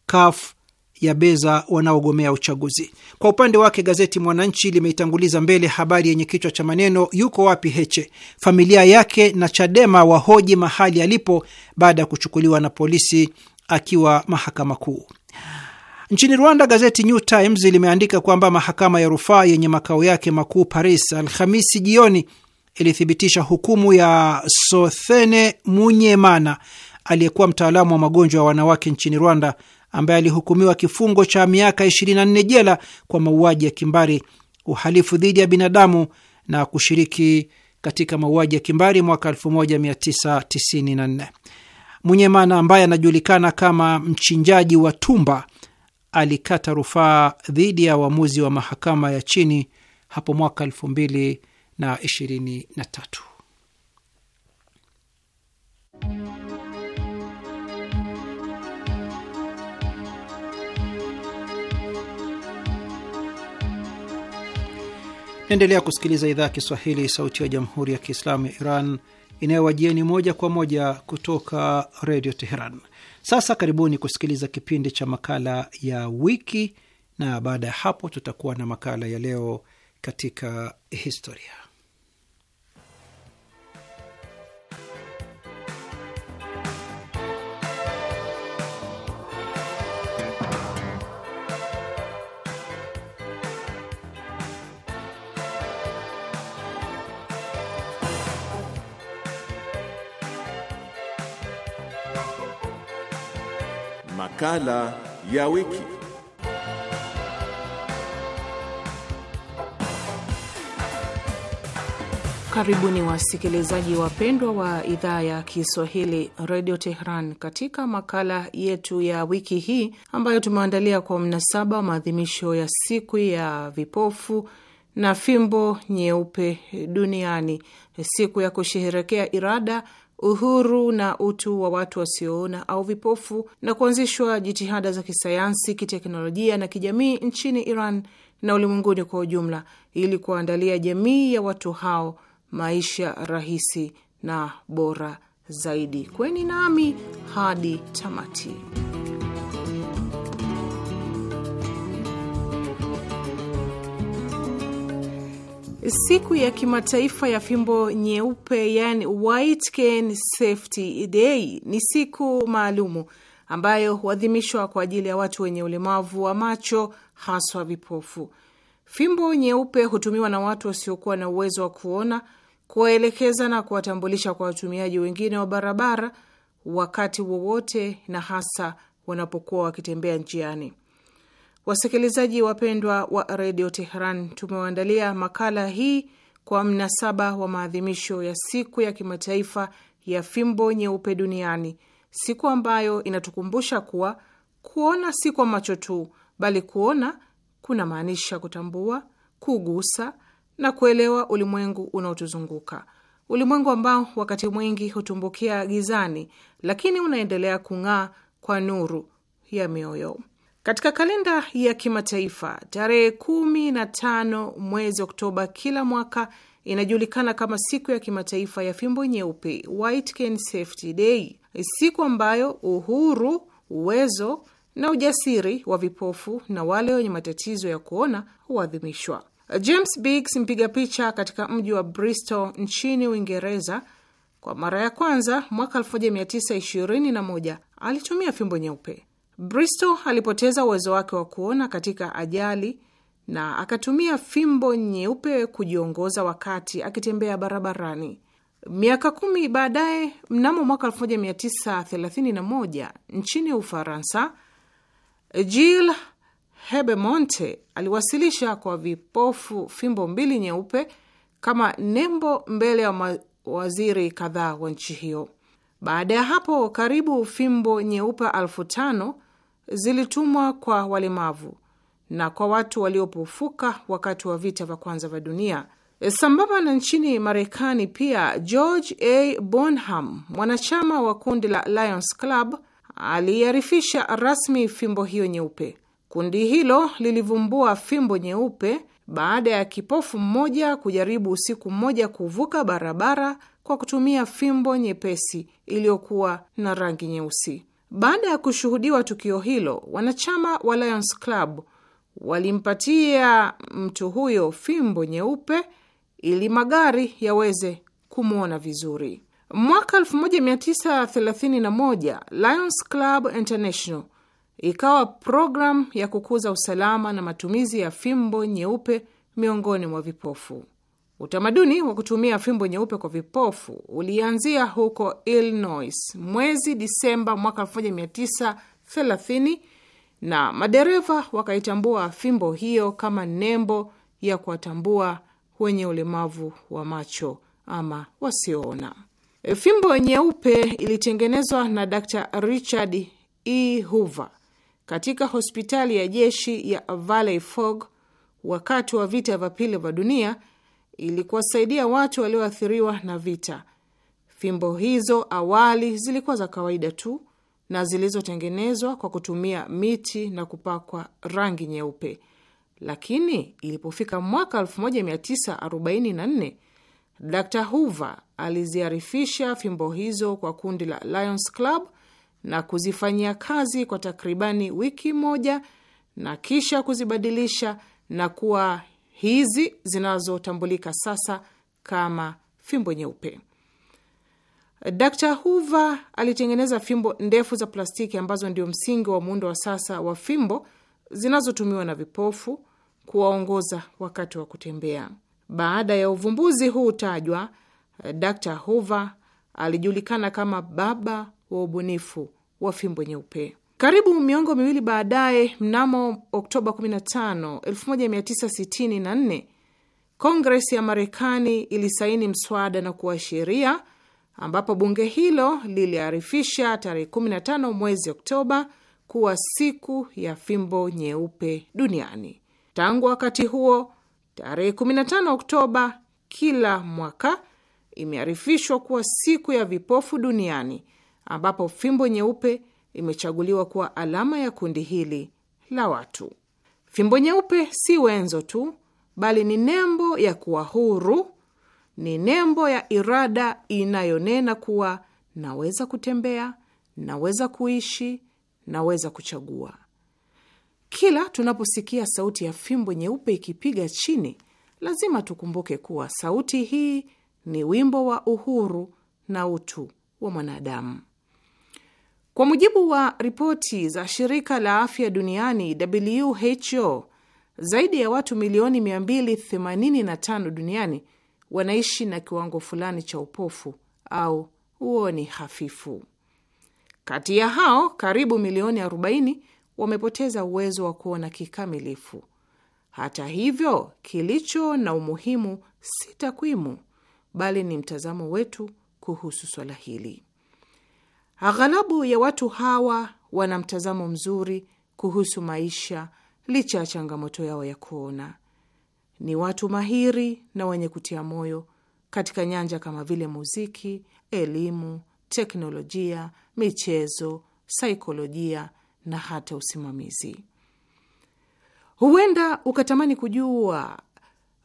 CUF ya beza wanaogomea uchaguzi. Kwa upande wake gazeti Mwananchi limeitanguliza mbele habari yenye kichwa cha maneno yuko wapi Heche, familia yake na Chadema wahoji mahali alipo baada ya kuchukuliwa na polisi akiwa mahakama kuu. Nchini Rwanda, gazeti New Times limeandika kwamba mahakama ya rufaa yenye makao yake makuu Paris Alhamisi jioni ilithibitisha hukumu ya Sothene Munyemana aliyekuwa mtaalamu wa magonjwa ya wanawake nchini Rwanda, ambaye alihukumiwa kifungo cha miaka 24 jela kwa mauaji ya kimbari, uhalifu dhidi ya binadamu na kushiriki katika mauaji ya kimbari mwaka 1994. Munyemana ambaye anajulikana kama mchinjaji wa tumba alikata rufaa dhidi ya uamuzi wa mahakama ya chini hapo mwaka tatu. Naendelea kusikiliza idhaa ya Kiswahili, sauti ya jamhuri ya kiislamu ya Iran inayowajieni moja kwa moja kutoka redio Teheran. Sasa karibuni kusikiliza kipindi cha makala ya wiki, na baada ya hapo tutakuwa na makala ya leo katika historia. Makala ya wiki. Karibuni wasikilizaji wapendwa wa idhaa ya Kiswahili redio Tehran katika makala yetu ya wiki hii ambayo tumeandalia kwa mnasaba wa maadhimisho ya siku ya vipofu na fimbo nyeupe duniani, siku ya kusherehekea irada uhuru na utu wa watu wasioona au vipofu na kuanzishwa jitihada za kisayansi, kiteknolojia na kijamii nchini Iran na ulimwenguni kwa ujumla ili kuandalia jamii ya watu hao maisha rahisi na bora zaidi. Kweni nami hadi tamati. Siku ya kimataifa ya fimbo nyeupe, yani White Cane Safety Day, ni siku maalumu ambayo huadhimishwa kwa ajili ya watu wenye ulemavu wa macho, haswa vipofu. Fimbo nyeupe hutumiwa na watu wasiokuwa na uwezo wa kuona kuwaelekeza na kuwatambulisha kwa watumiaji wengine wa barabara wakati wowote, na hasa wanapokuwa wakitembea njiani. Wasikilizaji wapendwa wa redio Teheran, tumewaandalia makala hii kwa mnasaba wa maadhimisho ya siku ya kimataifa ya fimbo nyeupe duniani, siku ambayo inatukumbusha kuwa kuona si kwa macho tu, bali kuona kuna maanisha kutambua, kugusa na kuelewa ulimwengu unaotuzunguka, ulimwengu ambao wakati mwingi hutumbukia gizani, lakini unaendelea kung'aa kwa nuru ya mioyo. Katika kalenda ya kimataifa tarehe kumi na tano mwezi Oktoba kila mwaka inajulikana kama siku ya kimataifa ya fimbo nyeupe, White Cane Safety Day, siku ambayo uhuru, uwezo na ujasiri wa vipofu na wale wenye matatizo ya kuona huadhimishwa. James Biggs, mpiga picha katika mji wa Bristol nchini Uingereza, kwa mara ya kwanza mwaka 1921 alitumia fimbo nyeupe. Bristol alipoteza uwezo wake wa kuona katika ajali na akatumia fimbo nyeupe kujiongoza wakati akitembea barabarani. Miaka kumi baadaye, mnamo mwaka 1931 nchini Ufaransa, jil Hebemonte aliwasilisha kwa vipofu fimbo mbili nyeupe kama nembo mbele ya mawaziri kadhaa wa nchi hiyo. Baada ya hapo, karibu fimbo nyeupe elfu tano zilitumwa kwa walemavu na kwa watu waliopofuka wakati wa vita vya kwanza vya dunia. E, sambamba na nchini Marekani pia, George A Bonham, mwanachama wa kundi la Lions Club, aliiarifisha rasmi fimbo hiyo nyeupe. Kundi hilo lilivumbua fimbo nyeupe baada ya kipofu mmoja kujaribu usiku mmoja kuvuka barabara kwa kutumia fimbo nyepesi iliyokuwa na rangi nyeusi. Baada ya kushuhudiwa tukio hilo, wanachama wa Lions Club walimpatia mtu huyo fimbo nyeupe ili magari yaweze kumwona vizuri. Mwaka 1931 Lions Club International ikawa programu ya kukuza usalama na matumizi ya fimbo nyeupe miongoni mwa vipofu. Utamaduni wa kutumia fimbo nyeupe kwa vipofu ulianzia huko Illinois mwezi Disemba mwaka 1930 na madereva wakaitambua fimbo hiyo kama nembo ya kuwatambua wenye ulemavu wa macho ama wasioona. E, fimbo nyeupe ilitengenezwa na Dr. Richard E. Hoover katika hospitali ya jeshi ya Valley Forge wakati wa vita vya pili vya dunia ili kuwasaidia watu walioathiriwa na vita. Fimbo hizo awali zilikuwa za kawaida tu na zilizotengenezwa kwa kutumia miti na kupakwa rangi nyeupe, lakini ilipofika mwaka 1944 Dr. Hoover aliziarifisha fimbo hizo kwa kundi la Lions Club na kuzifanyia kazi kwa takribani wiki moja na kisha kuzibadilisha na kuwa hizi zinazotambulika sasa kama fimbo nyeupe. Dr. Hoover alitengeneza fimbo ndefu za plastiki ambazo ndio msingi wa muundo wa sasa wa fimbo zinazotumiwa na vipofu kuwaongoza wakati wa kutembea. Baada ya uvumbuzi huu tajwa, Dr. Hoover alijulikana kama baba wa ubunifu wa fimbo nyeupe. Karibu miongo miwili baadaye, mnamo Oktoba 15, 1964 Kongres ya Marekani ilisaini mswada na kuwa sheria, ambapo bunge hilo liliarifisha tarehe 15 mwezi Oktoba kuwa siku ya fimbo nyeupe duniani. Tangu wakati huo, tarehe 15 Oktoba kila mwaka imearifishwa kuwa siku ya vipofu duniani, ambapo fimbo nyeupe imechaguliwa kuwa alama ya kundi hili la watu. Fimbo nyeupe si wenzo tu, bali ni nembo ya kuwa huru, ni nembo ya irada inayonena kuwa naweza kutembea, naweza kuishi, naweza kuchagua. Kila tunaposikia sauti ya fimbo nyeupe ikipiga chini, lazima tukumbuke kuwa sauti hii ni wimbo wa uhuru na utu wa mwanadamu. Kwa mujibu wa ripoti za shirika la afya duniani WHO, zaidi ya watu milioni 285 duniani wanaishi na kiwango fulani cha upofu au uoni hafifu. Kati ya hao karibu milioni 40 wamepoteza uwezo wa kuona kikamilifu. Hata hivyo, kilicho na umuhimu si takwimu, bali ni mtazamo wetu kuhusu swala hili. Aghalabu ya watu hawa wana mtazamo mzuri kuhusu maisha licha ya changamoto yao ya kuona. Ni watu mahiri na wenye kutia moyo katika nyanja kama vile muziki, elimu, teknolojia, michezo, saikolojia na hata usimamizi. Huenda ukatamani kujua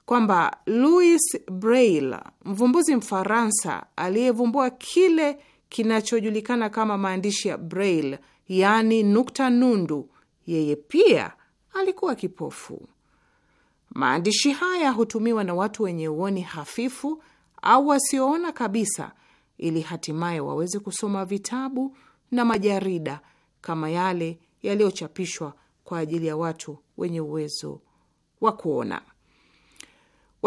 kwamba Louis Braille, mvumbuzi Mfaransa aliyevumbua kile kinachojulikana kama maandishi ya Braille, yaani nukta nundu. Yeye pia alikuwa kipofu. Maandishi haya hutumiwa na watu wenye uoni hafifu au wasioona kabisa, ili hatimaye waweze kusoma vitabu na majarida kama yale yaliyochapishwa kwa ajili ya watu wenye uwezo wa kuona.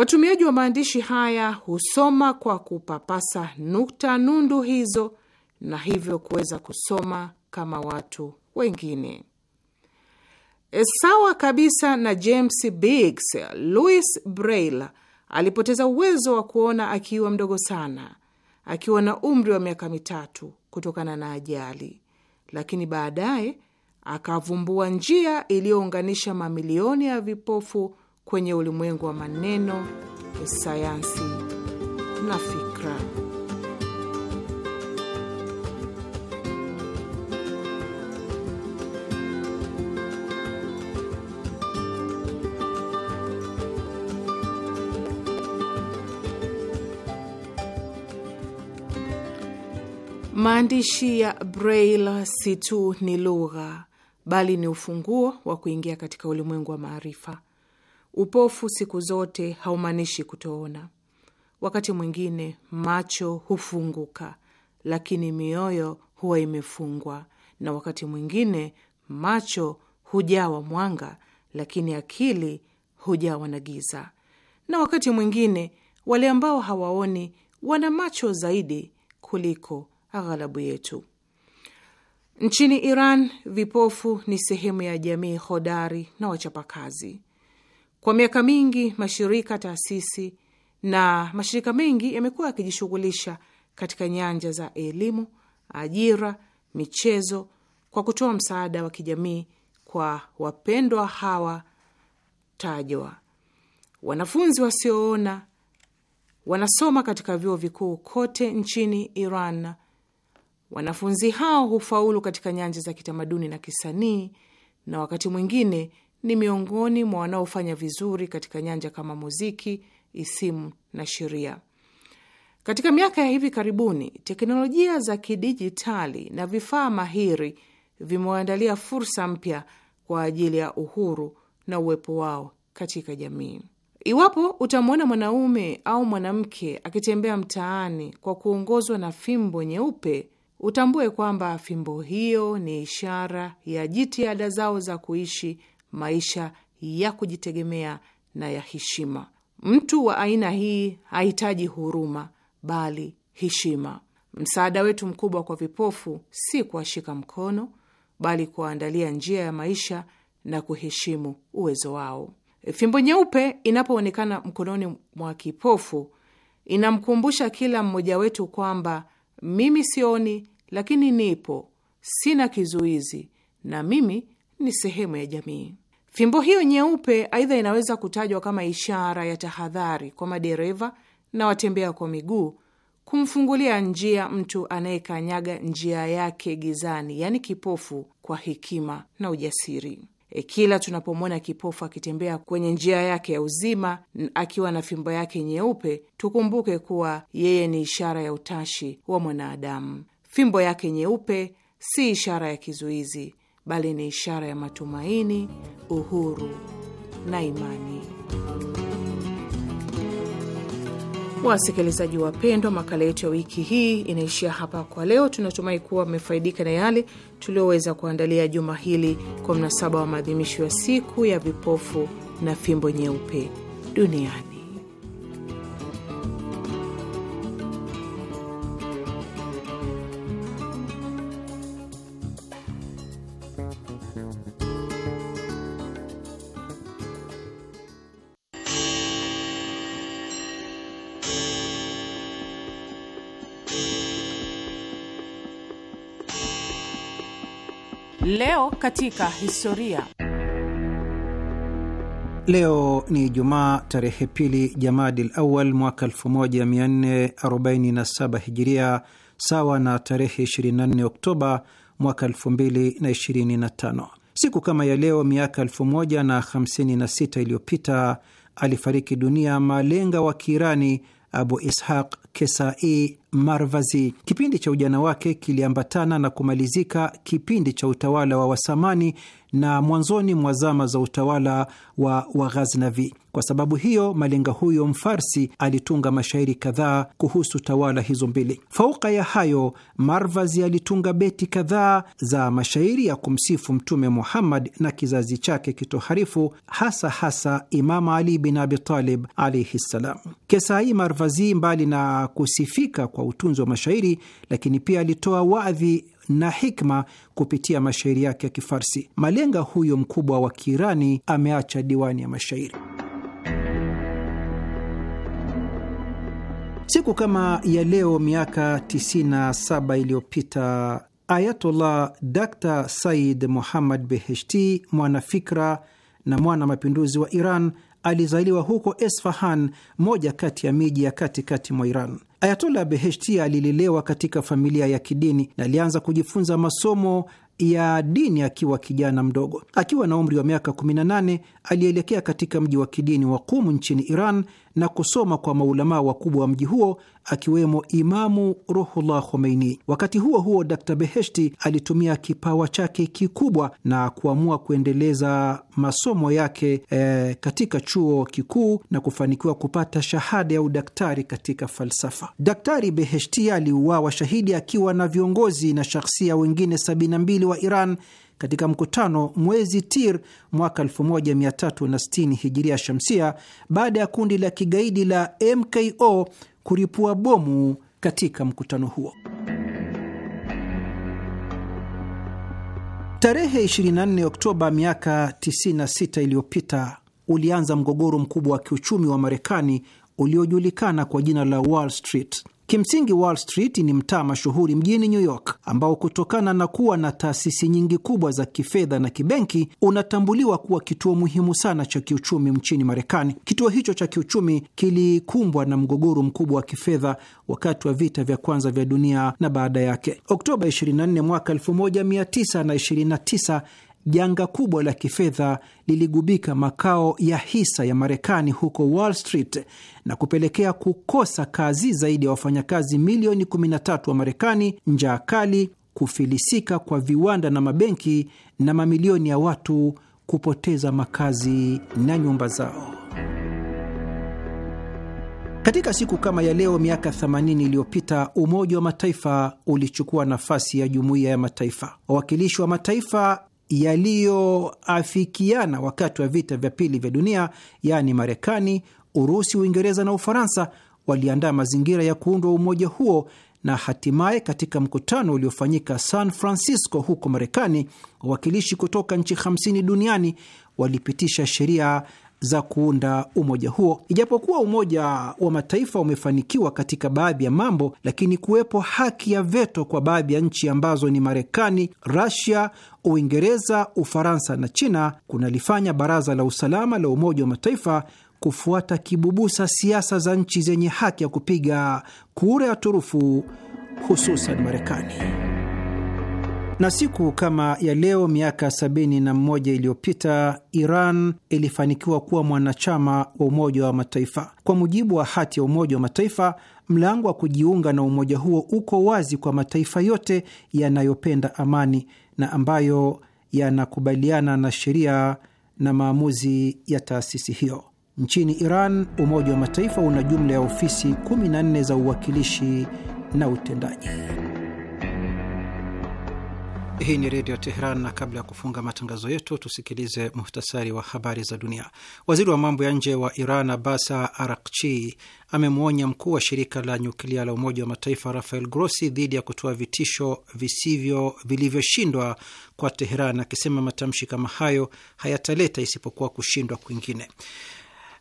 Watumiaji wa maandishi haya husoma kwa kupapasa nukta nundu hizo na hivyo kuweza kusoma kama watu wengine. E, sawa kabisa na James Biggs, Louis Braille alipoteza uwezo wa kuona akiwa mdogo sana, akiwa na umri wa miaka mitatu kutokana na ajali, lakini baadaye akavumbua njia iliyounganisha mamilioni ya vipofu kwenye ulimwengu wa maneno, sayansi na fikra. Maandishi ya Braille si tu ni lugha, bali ni ufunguo wa kuingia katika ulimwengu wa maarifa. Upofu siku zote haumaanishi kutoona. Wakati mwingine macho hufunguka, lakini mioyo huwa imefungwa, na wakati mwingine macho hujawa mwanga, lakini akili hujawa na giza, na wakati mwingine wale ambao hawaoni wana macho zaidi kuliko aghalabu yetu. Nchini Iran, vipofu ni sehemu ya jamii hodari na wachapakazi. Kwa miaka mingi mashirika, taasisi na mashirika mengi yamekuwa yakijishughulisha katika nyanja za elimu, ajira, michezo kwa kutoa msaada wa kijamii kwa wapendwa hawa tajwa. Wanafunzi wasioona wanasoma katika vyuo vikuu kote nchini Iran. Wanafunzi hao hufaulu katika nyanja za kitamaduni na kisanii, na wakati mwingine ni miongoni mwa wanaofanya vizuri katika nyanja kama muziki, isimu na sheria. Katika miaka ya hivi karibuni, teknolojia za kidijitali na vifaa mahiri vimewaandalia fursa mpya kwa ajili ya uhuru na uwepo wao katika jamii. Iwapo utamwona mwanaume au mwanamke akitembea mtaani kwa kuongozwa na fimbo nyeupe, utambue kwamba fimbo hiyo ni ishara ya jitihada zao za kuishi maisha ya kujitegemea na ya heshima. Mtu wa aina hii hahitaji huruma, bali heshima. Msaada wetu mkubwa kwa vipofu si kuwashika mkono, bali kuwaandalia njia ya maisha na kuheshimu uwezo wao. Fimbo nyeupe inapoonekana mkononi mwa kipofu, inamkumbusha kila mmoja wetu kwamba mimi sioni, lakini nipo, sina kizuizi, na mimi ni sehemu ya jamii. Fimbo hiyo nyeupe aidha inaweza kutajwa kama ishara ya tahadhari kwa madereva na watembea kwa miguu, kumfungulia njia mtu anayekanyaga njia yake gizani, yaani kipofu, kwa hekima na ujasiri. E, kila tunapomwona kipofu akitembea kwenye njia yake ya uzima akiwa na fimbo yake nyeupe, tukumbuke kuwa yeye ni ishara ya utashi wa mwanadamu. Fimbo yake nyeupe si ishara ya kizuizi, bali ni ishara ya matumaini, uhuru na imani. Wasikilizaji wapendwa, makala yetu ya wiki hii inaishia hapa kwa leo. Tunatumai kuwa mmefaidika na yale tulioweza kuandalia juma hili kwa mnasaba wa maadhimisho ya siku ya vipofu na fimbo nyeupe duniani. Leo katika historia. Leo ni jumaa tarehe pili Jamadil Awal mwaka 1447 Hijiria, sawa na tarehe 24 Oktoba mwaka 2025. Siku kama ya leo miaka 1056 iliyopita alifariki dunia malenga wa Kiirani Abu Ishaq Kesai Marvazi. Kipindi cha ujana wake kiliambatana na kumalizika kipindi cha utawala wa Wasamani na mwanzoni mwa zama za utawala wa Waghaznavi. Kwa sababu hiyo malenga huyo Mfarsi alitunga mashairi kadhaa kuhusu tawala hizo mbili. Fauka ya hayo, Marvazi alitunga beti kadhaa za mashairi ya kumsifu Mtume Muhammad na kizazi chake kitoharifu, hasa hasa Imam Ali bin Abitalib alaihi ssalam. Kesai Marvazi, mbali na kusifika kwa utunzi wa mashairi, lakini pia alitoa wadhi na hikma kupitia mashairi yake ya Kifarsi. Malenga huyo mkubwa wa Kiirani ameacha diwani ya mashairi. Siku kama ya leo miaka 97 iliyopita Ayatollah Dr Said Muhammad Beheshti, mwanafikra na mwana mapinduzi wa Iran, alizaliwa huko Esfahan, moja kati ya miji ya katikati mwa Iran. Ayatola Beheshti alilelewa katika familia ya kidini na alianza kujifunza masomo ya dini akiwa kijana mdogo. Akiwa na umri wa miaka 18 alielekea katika mji wa kidini wa Kumu nchini Iran na kusoma kwa maulamaa wakubwa wa mji huo akiwemo Imamu Ruhullah Khomeini. Wakati huo huo, Dr Beheshti alitumia kipawa chake kikubwa na kuamua kuendeleza masomo yake e, katika chuo kikuu na kufanikiwa kupata shahada ya udaktari katika falsafa. Daktari Beheshti aliuawa shahidi akiwa na viongozi na shakhsia wengine 72 wa Iran katika mkutano mwezi Tir mwaka 1360 hijiria shamsia, baada ya kundi la kigaidi la MKO kuripua bomu katika mkutano huo. Tarehe 24 Oktoba miaka 96 iliyopita ulianza mgogoro mkubwa wa kiuchumi wa Marekani uliojulikana kwa jina la Wall Street. Kimsingi, Wall Street ni mtaa mashuhuri mjini New York ambao kutokana na kuwa na taasisi nyingi kubwa za kifedha na kibenki unatambuliwa kuwa kituo muhimu sana cha kiuchumi nchini Marekani. Kituo hicho cha kiuchumi kilikumbwa na mgogoro mkubwa wa kifedha wakati wa vita vya kwanza vya dunia na baada yake. Oktoba 24 mwaka 1929 janga kubwa la kifedha liligubika makao ya hisa ya Marekani huko Wall Street na kupelekea kukosa kazi zaidi ya wafanyakazi milioni 13 wa Marekani, njaa kali, kufilisika kwa viwanda na mabenki, na mamilioni ya watu kupoteza makazi na nyumba zao. Katika siku kama ya leo miaka 80 iliyopita Umoja wa Mataifa ulichukua nafasi ya Jumuiya ya Mataifa. Wawakilishi wa mataifa yaliyoafikiana wakati wa vita vya pili vya dunia, yaani Marekani, Urusi, Uingereza na Ufaransa waliandaa mazingira ya kuundwa umoja huo na hatimaye katika mkutano uliofanyika San Francisco huko Marekani, wawakilishi kutoka nchi 50 duniani walipitisha sheria za kuunda umoja huo. Ijapokuwa Umoja wa Mataifa umefanikiwa katika baadhi ya mambo, lakini kuwepo haki ya veto kwa baadhi ya nchi ambazo ni Marekani, Rasia, Uingereza, Ufaransa na China kunalifanya Baraza la Usalama la Umoja wa Mataifa kufuata kibubusa siasa za nchi zenye haki ya kupiga kura ya turufu, hususan Marekani. Na siku kama ya leo miaka 71 iliyopita Iran ilifanikiwa kuwa mwanachama wa Umoja wa Mataifa. Kwa mujibu wa hati ya Umoja wa Mataifa, mlango wa kujiunga na umoja huo uko wazi kwa mataifa yote yanayopenda amani na ambayo yanakubaliana na sheria na maamuzi ya taasisi hiyo. Nchini Iran, Umoja wa Mataifa una jumla ya ofisi 14 za uwakilishi na utendaji. Hii ni Redio Teheran, na kabla ya kufunga matangazo yetu tusikilize muhtasari wa habari za dunia. Waziri wa mambo ya nje wa Iran Abasa Arakchi amemwonya mkuu wa shirika la nyuklia la Umoja wa Mataifa Rafael Grossi dhidi ya kutoa vitisho visivyo vilivyoshindwa kwa Teheran, akisema matamshi kama hayo hayataleta isipokuwa kushindwa kwingine.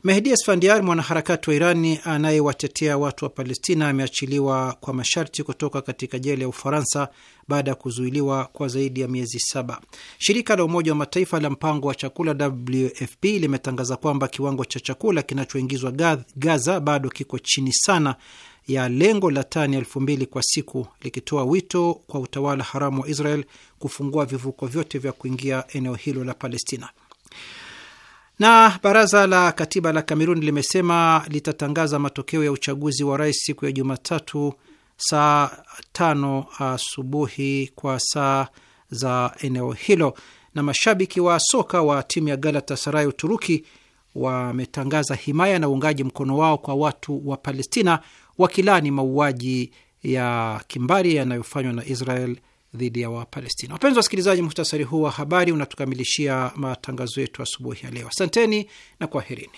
Mehdi Esfandiari, mwanaharakati wa Irani anayewatetea watu wa Palestina, ameachiliwa kwa masharti kutoka katika jela ya Ufaransa baada ya kuzuiliwa kwa zaidi ya miezi saba. Shirika la Umoja wa Mataifa la mpango wa chakula WFP limetangaza kwamba kiwango cha chakula kinachoingizwa Gaza bado kiko chini sana ya lengo la tani elfu mbili kwa siku, likitoa wito kwa utawala haramu wa Israel kufungua vivuko vyote vya kuingia eneo hilo la Palestina. Na baraza la katiba la Kamerun limesema litatangaza matokeo ya uchaguzi wa rais siku ya Jumatatu saa tano asubuhi kwa saa za eneo hilo. Na mashabiki wa soka wa timu ya Galatasaray Uturuki wametangaza himaya na uungaji mkono wao kwa watu wa Palestina, wakilani mauaji ya kimbari yanayofanywa na Israel dhidi ya Wapalestina. Wapenzi wasikilizaji, muhtasari huu wa habari unatukamilishia matangazo yetu asubuhi ya leo. Asanteni na kwaherini.